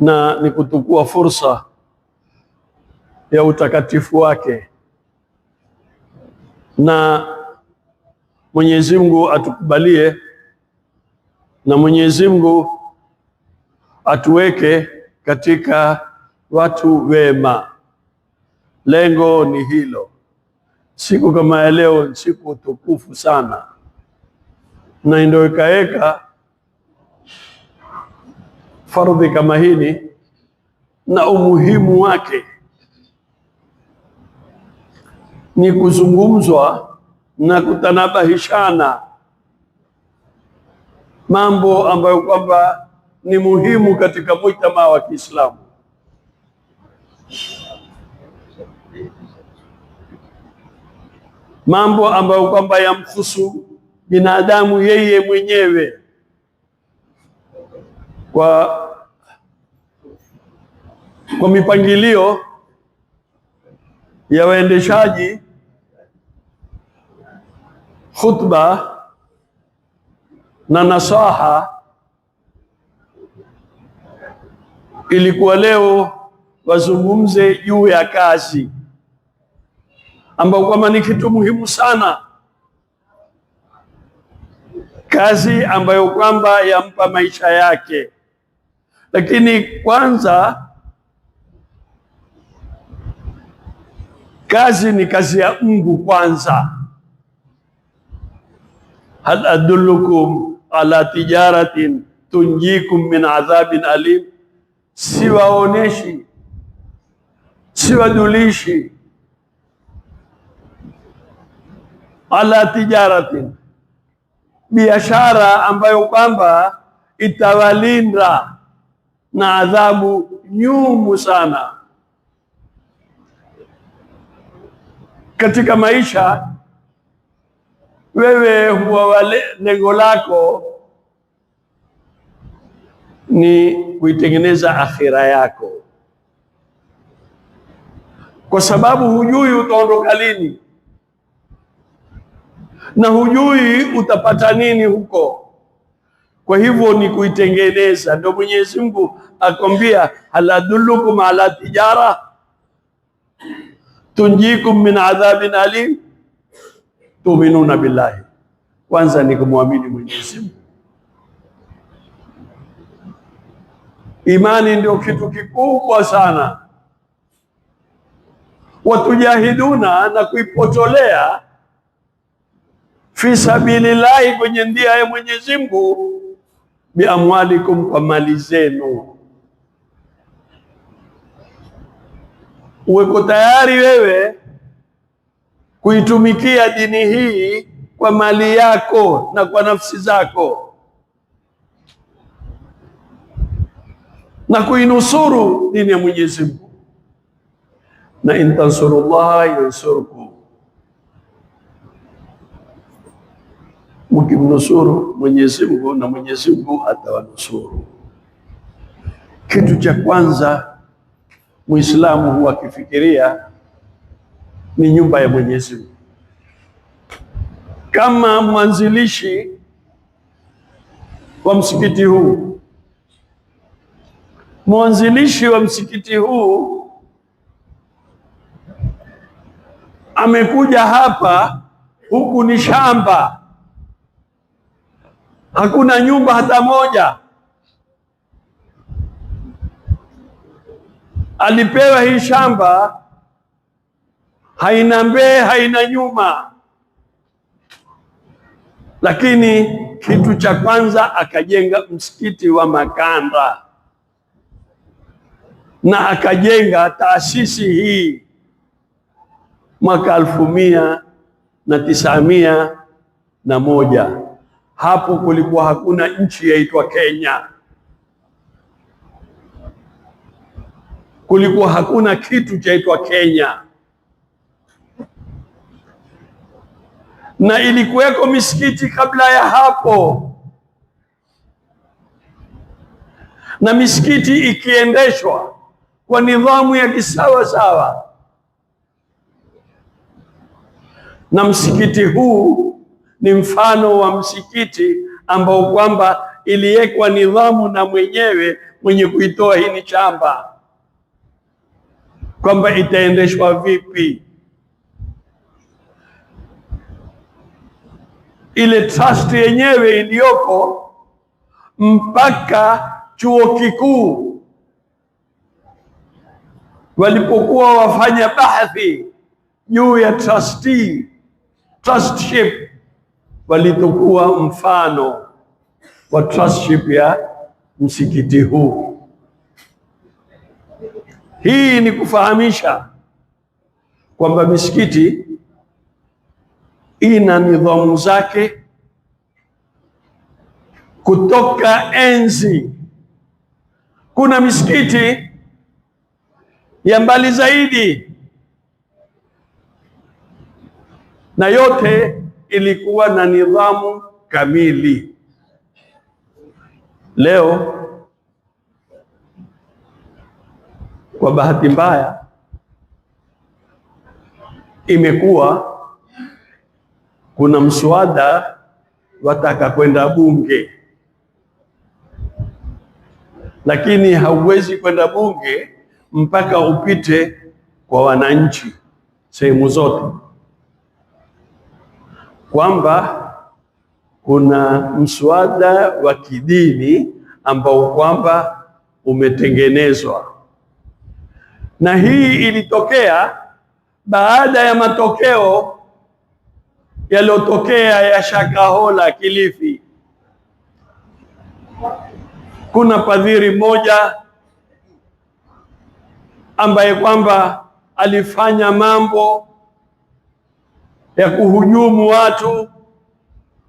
na ni kutukua fursa ya utakatifu wake, na Mwenyezi Mungu atukubalie, na Mwenyezi Mungu atuweke katika watu wema. Lengo ni hilo. Siku kama ya leo ni siku tukufu sana, na ndio ikaeka fardhi kama hili na umuhimu wake ni kuzungumzwa na kutanabahishana mambo ambayo kwamba ni muhimu katika mujtamaa wa Kiislamu. Mambo ambayo kwamba yamhusu binadamu yeye mwenyewe kwa kwa mipangilio ya waendeshaji khutba na nasaha ilikuwa leo wazungumze juu ya kazi ambayo kwamba ni kitu muhimu sana, kazi ambayo kwamba yampa maisha yake lakini kwanza, kazi ni kazi ya Mungu kwanza. Hal adullukum ala tijaratin tunjikum min adhabin alim, siwaoneshi siwadulishi ala tijaratin, biashara ambayo kwamba itawalinda na adhabu nyumu sana katika maisha. Wewe huwa lengo lako ni kuitengeneza akhira yako, kwa sababu hujui utaondoka lini na hujui utapata nini huko. Kwa hivyo ni kuitengeneza. Ndio Mwenyezi Mungu akwambia, haladulukum ala tijara tunjikum min adhabin alim tuminuna billahi. Kwanza ni kumwamini Mwenyezi Mungu. Imani ndio kitu kikubwa sana. Watujahiduna na kuipotolea fi sabilillahi, kwenye ndia ya Mwenyezi Mungu biamwalikum, kwa mali zenu. Uweko tayari wewe kuitumikia dini hii kwa mali yako na kwa nafsi zako na kuinusuru dini ya Mwenyezi Mungu, na intansurullaha tansurullaha yansurkum mkimnusuru Mwenyezi Mungu na Mwenyezi Mungu atawanusuru. Kitu cha kwanza Muislamu huwa akifikiria ni nyumba ya Mwenyezi Mungu. Kama mwanzilishi wa msikiti huu, mwanzilishi wa msikiti huu amekuja hapa, huku ni shamba hakuna nyumba hata moja. Alipewa hii shamba, haina mbee, haina nyuma, lakini kitu cha kwanza akajenga msikiti wa Makanda na akajenga taasisi hii mwaka alfu mia na tisamia na moja. Hapo kulikuwa hakuna nchi yaitwa Kenya, kulikuwa hakuna kitu chaitwa Kenya, na ilikuweko misikiti kabla ya hapo, na misikiti ikiendeshwa kwa nidhamu ya kisawa sawa, na msikiti huu ni mfano wa msikiti ambao kwamba iliwekwa nidhamu na mwenyewe mwenye kuitoa hii ni chamba kwamba itaendeshwa vipi. Ile trust yenyewe iliyoko mpaka chuo kikuu walipokuwa wafanya bahthi juu ya trustee trustship walitokuwa mfano wa trustship ya msikiti huu. Hii ni kufahamisha kwamba misikiti ina nidhamu zake kutoka enzi. Kuna misikiti ya mbali zaidi, na yote ilikuwa na nidhamu kamili. Leo kwa bahati mbaya imekuwa kuna mswada wataka kwenda bunge, lakini hauwezi kwenda bunge mpaka upite kwa wananchi sehemu zote kwamba kuna mswada wa kidini ambao kwamba umetengenezwa, na hii ilitokea baada ya matokeo yaliyotokea ya Shakahola Kilifi. Kuna padhiri mmoja ambaye kwamba alifanya mambo ya kuhujumu watu,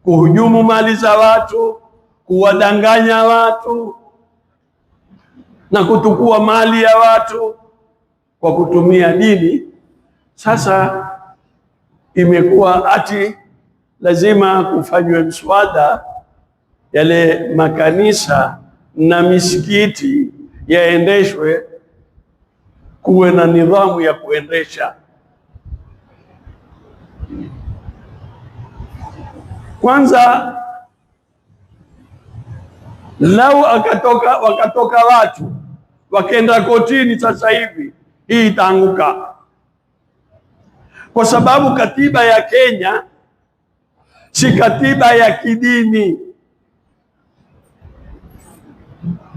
kuhujumu mali za watu, kuwadanganya watu na kutukua mali ya watu kwa kutumia dini. Sasa imekuwa ati lazima kufanywe mswada, yale makanisa na misikiti yaendeshwe, kuwe na nidhamu ya kuendesha kwanza lau akatoka wakatoka watu wakenda kotini sasa hivi, hii itaanguka, kwa sababu katiba ya Kenya si katiba ya kidini.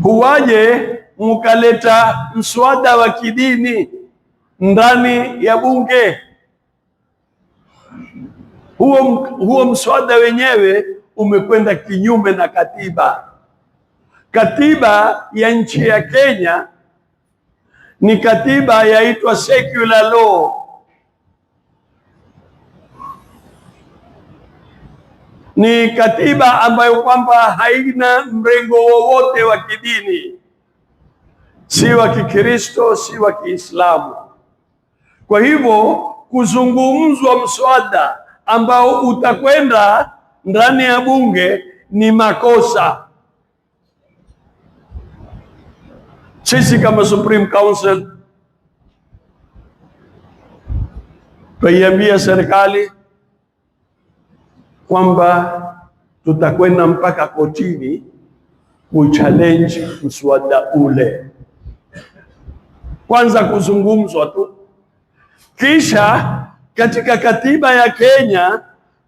Huwaje mukaleta mswada wa kidini ndani ya bunge? huo, huo mswada wenyewe umekwenda kinyume na katiba. Katiba ya nchi ya Kenya ni katiba yaitwa secular law. Ni katiba ambayo kwamba haina mrengo wowote wa kidini, si wa Kikristo, si wa Kiislamu. Kwa hivyo kuzungumzwa mswada ambao utakwenda ndani ya bunge ni makosa. Sisi kama Supreme Council twaiambia serikali kwamba tutakwenda mpaka kotini kuchallenge mswada ule, kwanza kuzungumzwa tu, kisha katika katiba ya Kenya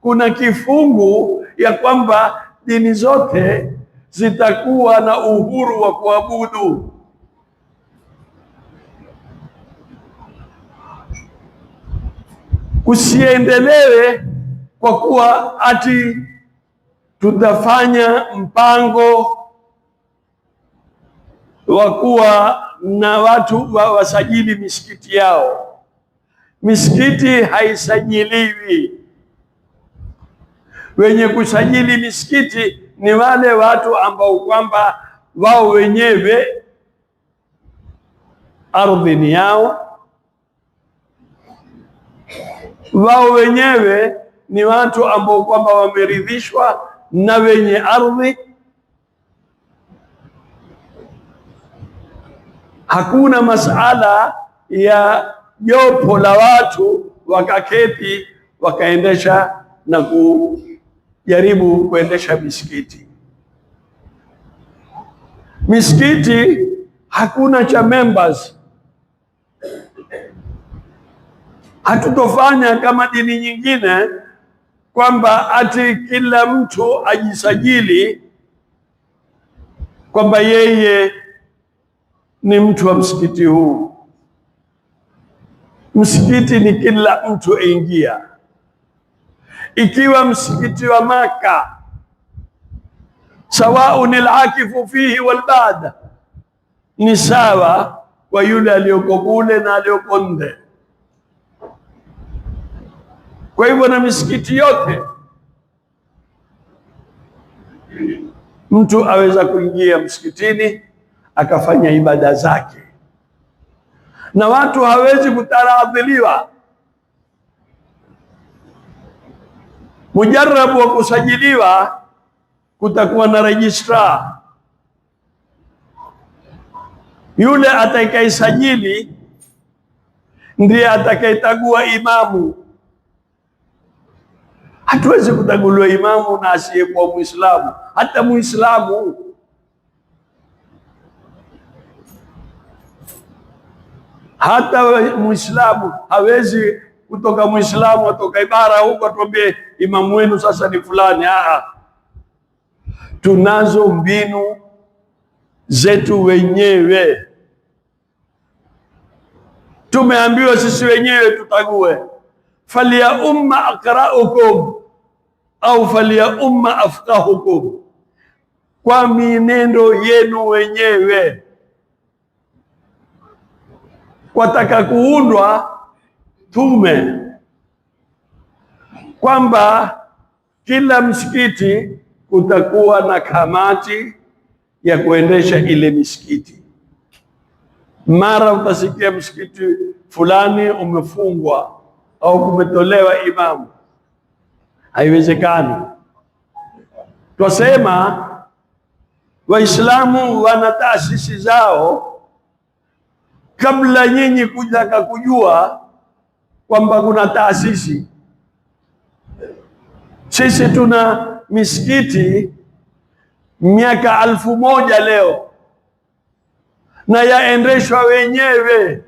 kuna kifungu ya kwamba dini zote zitakuwa na uhuru wa kuabudu. Kusiendelewe kwa kuwa ati tutafanya mpango wa kuwa na watu wa wasajili misikiti yao. Misikiti haisajiliwi. Wenye kusajili misikiti ni wale watu ambao kwamba wao wenyewe ardhi ni yao, wao wenyewe ni watu ambao kwamba wameridhishwa na wenye ardhi. Hakuna masala ya jopo la watu wakaketi wakaendesha na kujaribu kuendesha misikiti. Misikiti hakuna cha members, hatutofanya kama dini nyingine kwamba ati kila mtu ajisajili kwamba yeye ni mtu wa msikiti huu. Msikiti ni kila mtu aingia. Ikiwa msikiti wa Maka, sawaun alakifu fihi walbada, ni sawa kwa yule aliyoko kule na aliyoko nde. Kwa hivyo na misikiti yote mtu aweza kuingia msikitini akafanya ibada zake na watu hawezi kutaraadhiliwa. Mujarabu wa kusajiliwa, kutakuwa na rejistra. Yule atakayesajili ndiye atakayetagua imamu. Hatuwezi kutaguliwa imamu na asiyekuwa Muislamu, hata Muislamu Hata Muislamu hawezi kutoka Muislamu atoka ibara huko atuambie imamu wenu sasa ni fulani. Aa, tunazo mbinu zetu wenyewe, tumeambiwa sisi wenyewe tutague falia umma akraukum au falia umma afqahukum, kwa minendo yenu wenyewe kwataka kuundwa tume kwamba kila msikiti kutakuwa na kamati ya kuendesha ile misikiti. Mara utasikia msikiti fulani umefungwa au kumetolewa imamu. Haiwezekani. Twasema Waislamu wana taasisi zao kabla nyinyi kutaka kujua kwamba kuna taasisi. Sisi tuna misikiti miaka alfu moja leo na yaendeshwa wenyewe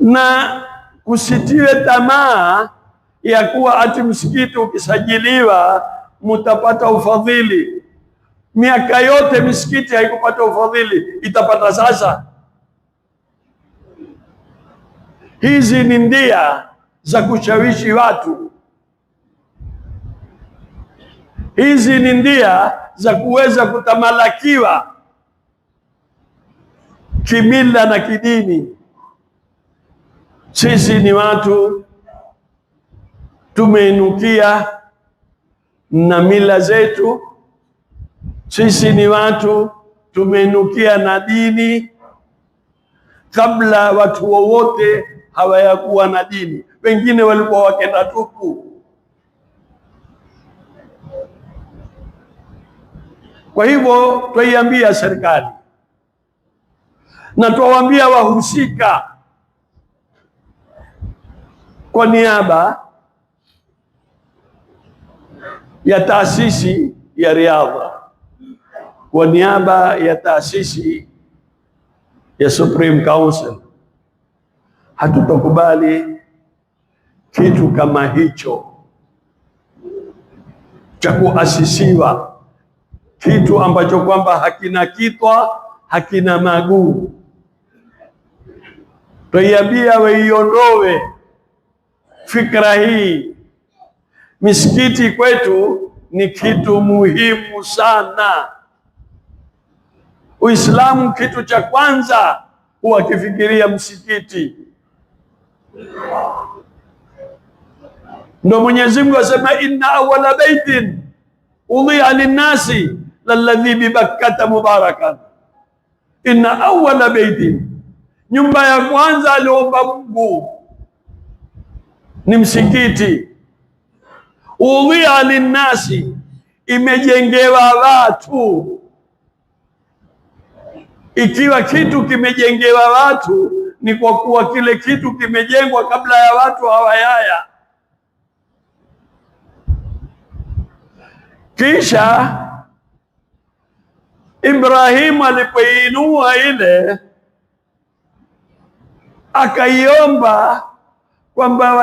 na kusitiwe tamaa ya kuwa ati msikiti ukisajiliwa mutapata ufadhili. Miaka yote misikiti haikupata ufadhili, itapata sasa. Hizi ni ndia za kushawishi watu, hizi ni ndia za kuweza kutamalakiwa kimila na kidini. Sisi ni watu tumeinukia na mila zetu sisi ni watu tumeinukia na dini kabla watu wowote hawayakuwa na dini. Wengine walikuwa wakenda tupu. Kwa hivyo twaiambia serikali na twawaambia wahusika kwa niaba ya taasisi ya riadha kwa niaba ya taasisi ya Supreme Council, hatutokubali kitu kama hicho cha kuasisiwa kitu ambacho kwamba hakina kitwa hakina maguu. Twaiambia weiondowe fikra hii. Misikiti kwetu ni kitu muhimu sana. Uislamu kitu cha kwanza huwa kifikiria msikiti. Ndo Mwenyezi Mungu asema, inna awwala baitin udhi'a linnasi lalladhi bibakkata mubarakan. Inna awwala baitin, nyumba ya kwanza aliomba Mungu ni msikiti. Udhi'a linnasi, imejengewa watu ikiwa kitu kimejengewa watu, ni kwa kuwa kile kitu kimejengwa kabla ya watu hawayaya. Kisha Ibrahimu alipoinua ile, akaiomba kwamba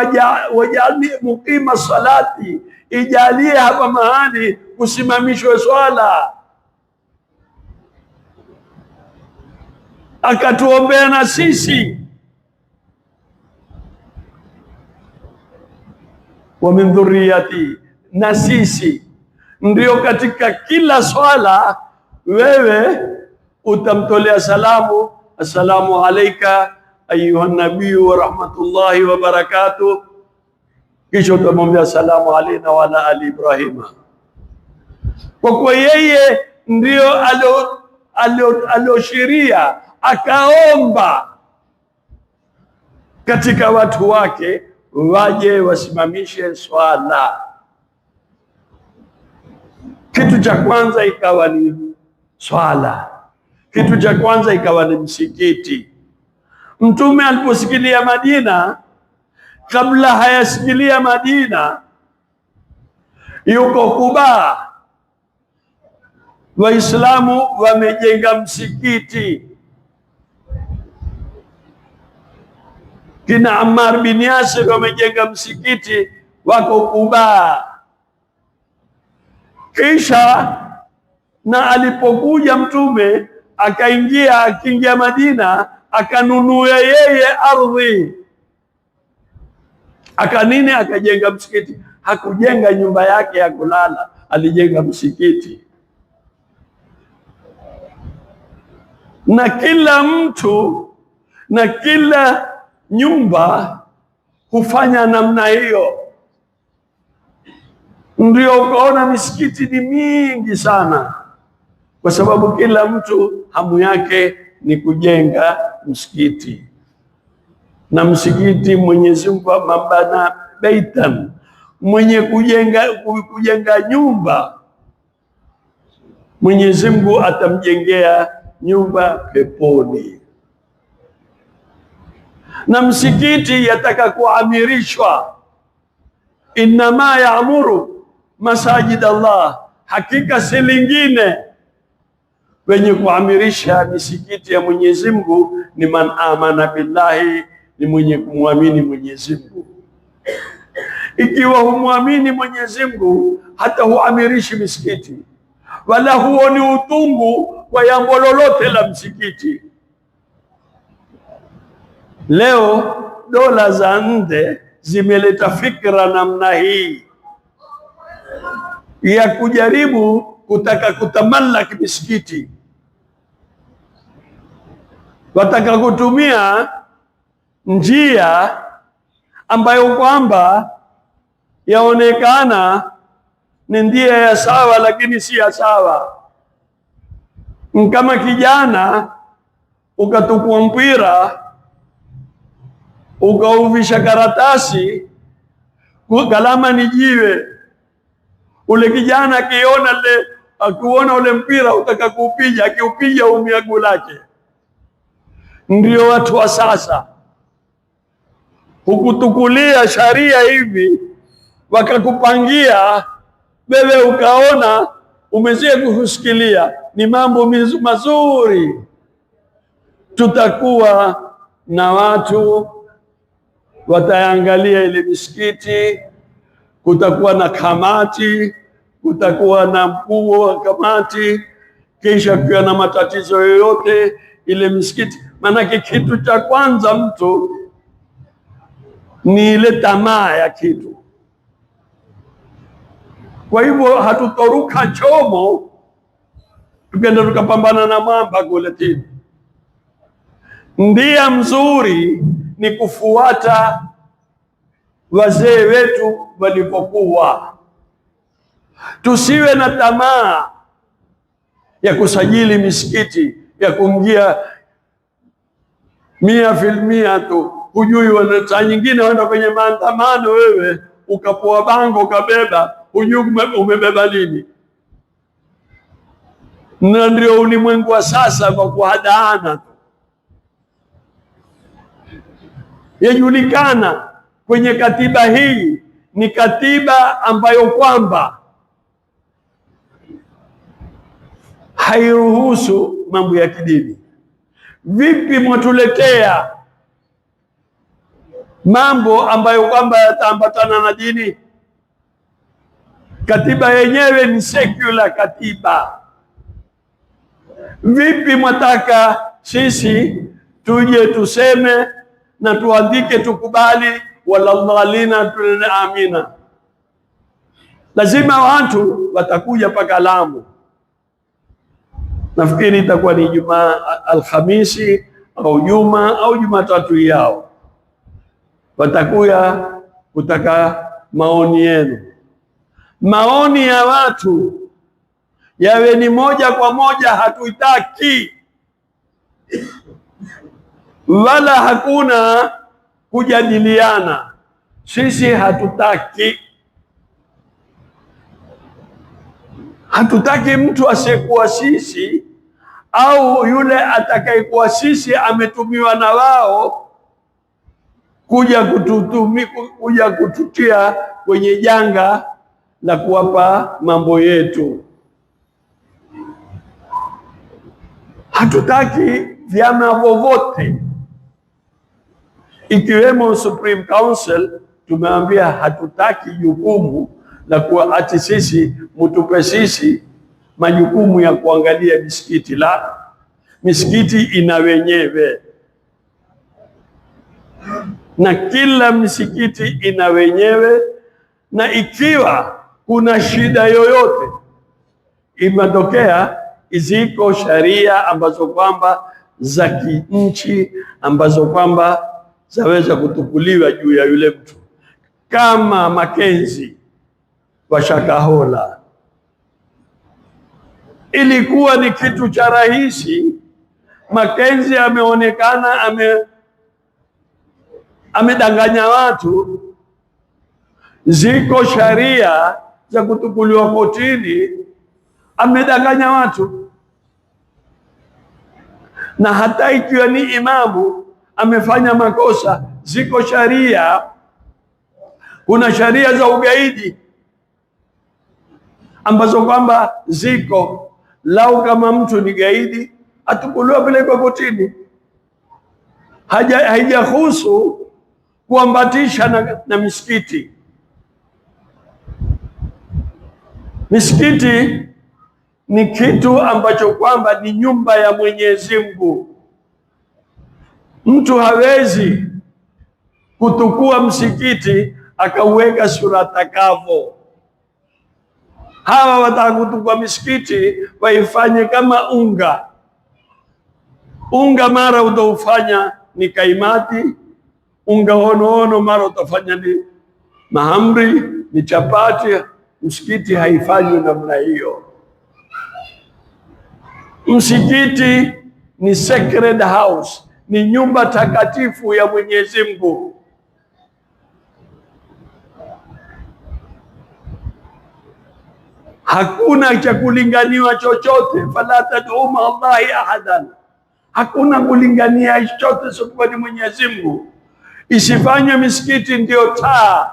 wajalie mukima salati, ijalie hapa mahali kusimamishwe swala akatuombea na sisi. wa min dhurriyati, na sisi ndio katika kila swala wewe utamtolea salamu, assalamu alaika ayuha nabiyu wa rahmatullahi wa barakatuh, kisha utamwambia salamu alaina wa ala ali Ibrahima, kwa kuwa yeye ndio alioshiria akaomba katika watu wake waje wasimamishe swala. Kitu cha kwanza ikawa ni swala, kitu cha kwanza ikawa ni msikiti. Mtume aliposikilia Madina, kabla hayasikilia Madina, yuko Kuba, Waislamu wamejenga msikiti Kina Ammar bin Yasir wamejenga msikiti wako Kubaa. Kisha na alipokuja Mtume akaingia, akiingia Madina akanunua yeye ardhi akanini, akajenga msikiti. Hakujenga nyumba yake ya kulala, alijenga msikiti, na kila mtu na kila nyumba hufanya namna hiyo. Ndio ukaona misikiti ni mingi sana, kwa sababu kila mtu hamu yake ni kujenga msikiti. Na msikiti Mwenyezi Mungu, mabana baitan, mwenye kujenga kujenga nyumba Mwenyezi Mungu atamjengea nyumba peponi na msikiti yataka kuamirishwa, innama yaamuru masajid Allah, hakika si lingine wenye kuamirisha misikiti ya Mwenyezi Mungu ni man amana billahi, ni mwenye kumwamini Mwenyezi Mungu. Ikiwa humwamini Mwenyezi Mungu, hata huamirishi misikiti wala huoni utungu wa jambo lolote la msikiti. Leo dola za nje zimeleta fikra namna hii ya kujaribu kutaka kutamalaki misikiti, wataka kutumia njia ambayo kwamba yaonekana ni njia ya sawa, lakini si ya sawa. Kama kijana ukatukua mpira ukauvisha karatasi, kalama ni jiwe. Ule kijana akiona le akiuona ule mpira utaka kuupija, akiupija umia guu lake. Ndio watu wa sasa, hukutukulia sharia hivi, wakakupangia wewe, ukaona umezie kuhusikilia, ni mambo mazuri. Tutakuwa na watu wataangalia ile misikiti, kutakuwa na kamati, kutakuwa na mkuu wa kamati, kisha kuwa na matatizo yoyote ile misikiti. Maanake kitu cha kwanza mtu ni ile tamaa ya kitu. Kwa hivyo hatutoruka chomo tukenda tukapambana na mwamba kule tini. Ndia mzuri ni kufuata wazee wetu walipokuwa. Tusiwe na tamaa ya kusajili misikiti ya kuingia mia filmia tu, hujui saa nyingine wenda kwenye maandamano wewe ukapoa bango ukabeba, hujui umebeba nini. Na ndio ulimwengu wa sasa kwa kuhadaana tu yajulikana kwenye katiba hii ni katiba ambayo kwamba hairuhusu mambo ya kidini. Vipi mwatuletea mambo ambayo kwamba yataambatana na dini? Katiba yenyewe ni secular katiba. Vipi mwataka sisi tuje tuseme na tuandike tukubali, waladhalina tunene amina. Lazima watu watakuja mpaka Lamu. Nafikiri itakuwa ni Jumaa Alhamisi au Juma au Jumatatu yao, watakuya kutaka maoni yenu. Maoni ya watu yawe ni moja kwa moja, hatuitaki wala hakuna kujadiliana. Sisi hatutaki hatutaki mtu asiyekuwa sisi au yule atakayekuwa sisi ametumiwa na wao kuja kututumi, kuja kututia kwenye janga la kuwapa mambo yetu. Hatutaki vyama vovote ikiwemo Supreme Council. Tumeambia hatutaki jukumu la kuwa ati sisi mutupe sisi majukumu ya kuangalia misikiti, la misikiti ina wenyewe na kila misikiti ina wenyewe, na ikiwa kuna shida yoyote imetokea, ziko sheria ambazo kwamba za kinchi ambazo kwamba zaweza kutupuliwa juu ya yule mtu, kama Makenzi wa Shakahola. Ilikuwa ni kitu cha rahisi. Makenzi ameonekana ame amedanganya watu. Ziko sharia za kutukuliwa kotini, amedanganya watu, na hata ikiwa ni imamu amefanya makosa. Ziko sharia, kuna sharia za ugaidi ambazo kwamba ziko lau, kama mtu ni gaidi atukuliwa pelekwa kotini, haijahusu kuambatisha na, na misikiti. Misikiti ni kitu ambacho kwamba ni nyumba ya Mwenyezi Mungu Mtu hawezi kutukua msikiti akauweka sura takavo. Hawa watakutukua misikiti waifanye kama unga. Unga mara utaufanya ni kaimati, unga onoono mara utafanya ni mahamri, ni chapati. Msikiti haifanywi namna hiyo. Msikiti ni sacred house ni nyumba takatifu ya Mwenyezi Mungu. Hakuna cha kulinganiwa chochote, fala tad'u ma Allahi ahadan, hakuna kulingania chochote isipokuwa ni Mwenyezi Mungu. Isifanye misikiti ndiyo taa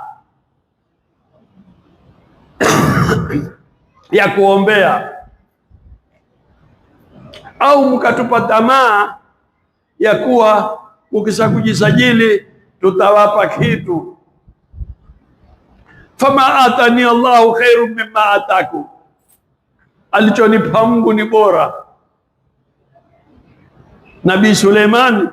ya kuombea, au mkatupa tamaa ya kuwa ukisha kujisajili tutawapa kitu. Fama atani Allahu khairu mimma ataku, alichonipa Mungu ni bora. Nabii Suleimani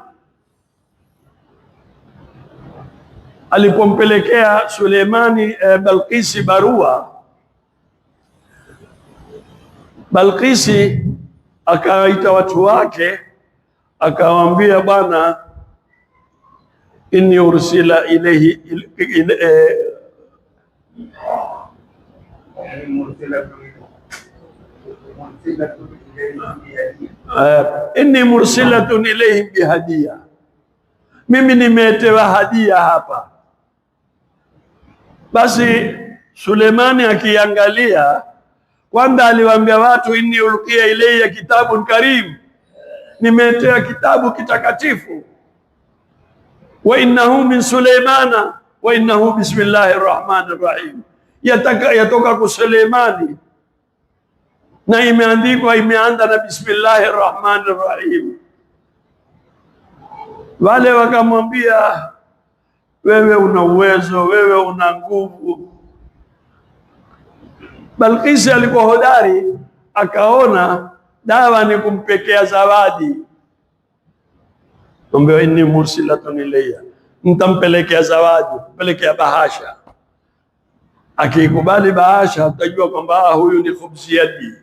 alipompelekea Suleimani e, eh, Balkisi barua, Balkisi akawaita watu wake Akawaambia, bwana inni ursila ilayhi il, il, eh, eh, inni mursilatun ilayhim bihadia, mimi nimetewa hadia hapa. Basi Sulemani akiangalia kwanza, aliwaambia watu inni ulqiya ilayya kitabun karim nimeletea kitabu kitakatifu, wa innahu min Suleimana wa innahu bismillahi rahmani rahim, yataka yatoka kwa Suleimani na imeandikwa imeanza na bismillahi rahmani rahim. Wale wakamwambia wewe una uwezo, wewe una nguvu. Balkisi alikuwa hodari, akaona dawa ni kumpekea zawadi. Tuambiwa inni mursilatun ilayya, mtampelekea zawadi, mpelekea bahasha. Akikubali bahasha, tutajua kwamba huyu ni khubzi yadi.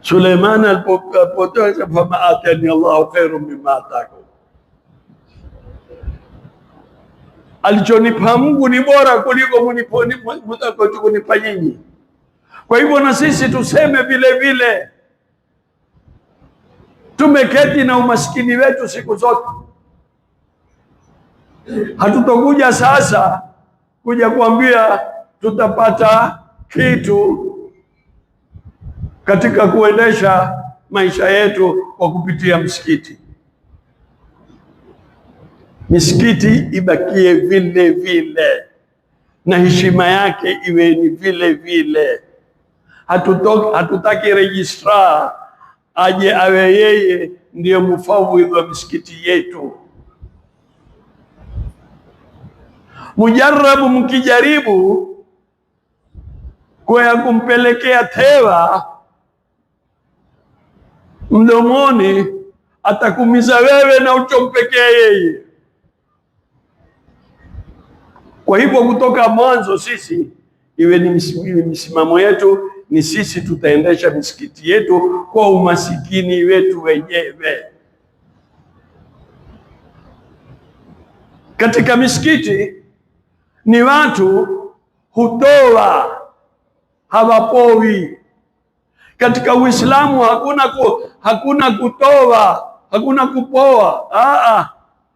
Suleiman alipotoa, fama atani Allahu khairun mimma ataka alichonipa Mungu ni bora kuliko kunipa nyinyi. Kwa hivyo na sisi tuseme vile vile, tumeketi na umaskini wetu siku zote. Hatutokuja sasa kuja kuambia tutapata kitu katika kuendesha maisha yetu kwa kupitia msikiti misikiti ibakie vile vile na heshima yake iwe ni vile vile. Hatutok, hatutaki registrar aje awe yeye ndiyo mufawidhi wa misikiti yetu. Mujarabu, mkijaribu kwa kumpelekea tewa mdomoni, atakumiza wewe na uchompekea yeye. Kwa hivyo kutoka mwanzo sisi iwe ni misimamo yetu ni sisi tutaendesha misikiti yetu kwa umasikini wetu wenyewe. Katika misikiti ni watu hutoa, hawapowi. Katika Uislamu hakuna ku, hakuna kutoa, hakuna kupoa. Aa,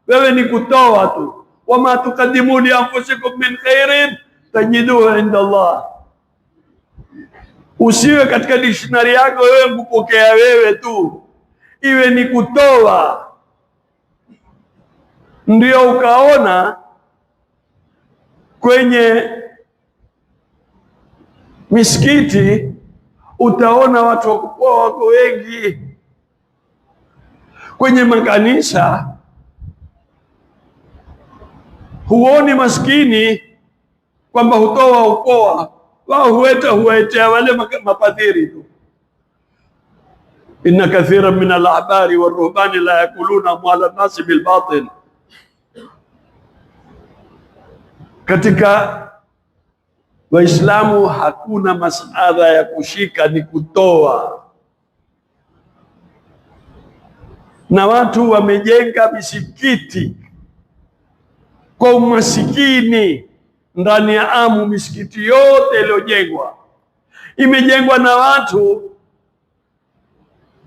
wewe ni kutoa tu wama tukadimu li anfusikum min khairin tajiduhu inda Allah. Usiwe katika dictionary yako wewe kupokea wewe tu, iwe ni kutoa, ndio ukaona kwenye misikiti utaona watu wakupoa wako wengi, kwenye makanisa huoni maskini kwamba hutoa ukoa wao, huweta huwaetea wale mapadhiri tu. inna kathiran min alahbari waruhbani la yakuluna amwala nasi bilbatil, katika Waislamu hakuna masala ya kushika, ni kutoa. Na watu wamejenga misikiti kwa umasikini ndani ya Amu. Misikiti yote iliyojengwa imejengwa na watu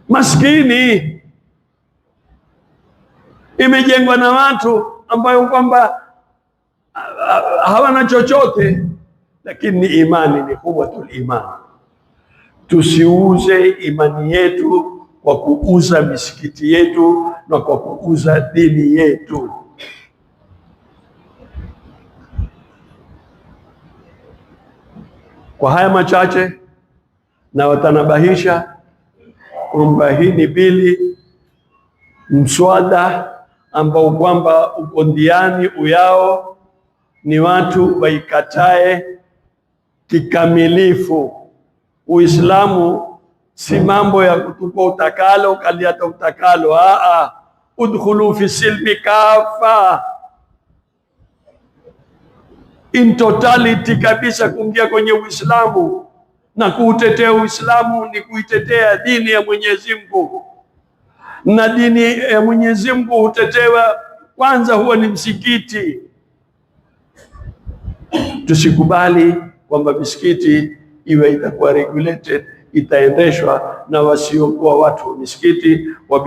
maskini, imejengwa na watu ambayo kwamba hawana chochote, lakini imani ni tu imani. Tusiuze imani yetu kwa kuuza misikiti yetu na kwa kuuza dini yetu. Kwa haya machache na watanabahisha kwamba hii ni bili mswada ambao kwamba uko ndiani uyao ni watu waikatae kikamilifu. Uislamu si mambo ya kutupa utakalo kaliata utakalo. Aa, udkhulu fi silmi kafa in totality kabisa kuingia kwenye Uislamu na kuutetea Uislamu ni kuitetea dini ya Mwenyezi Mungu, na dini ya Mwenyezi Mungu hutetewa kwanza huwa ni msikiti. Tusikubali kwamba misikiti iwe itakuwa regulated, itaendeshwa na wasiokuwa watu wa misikiti wa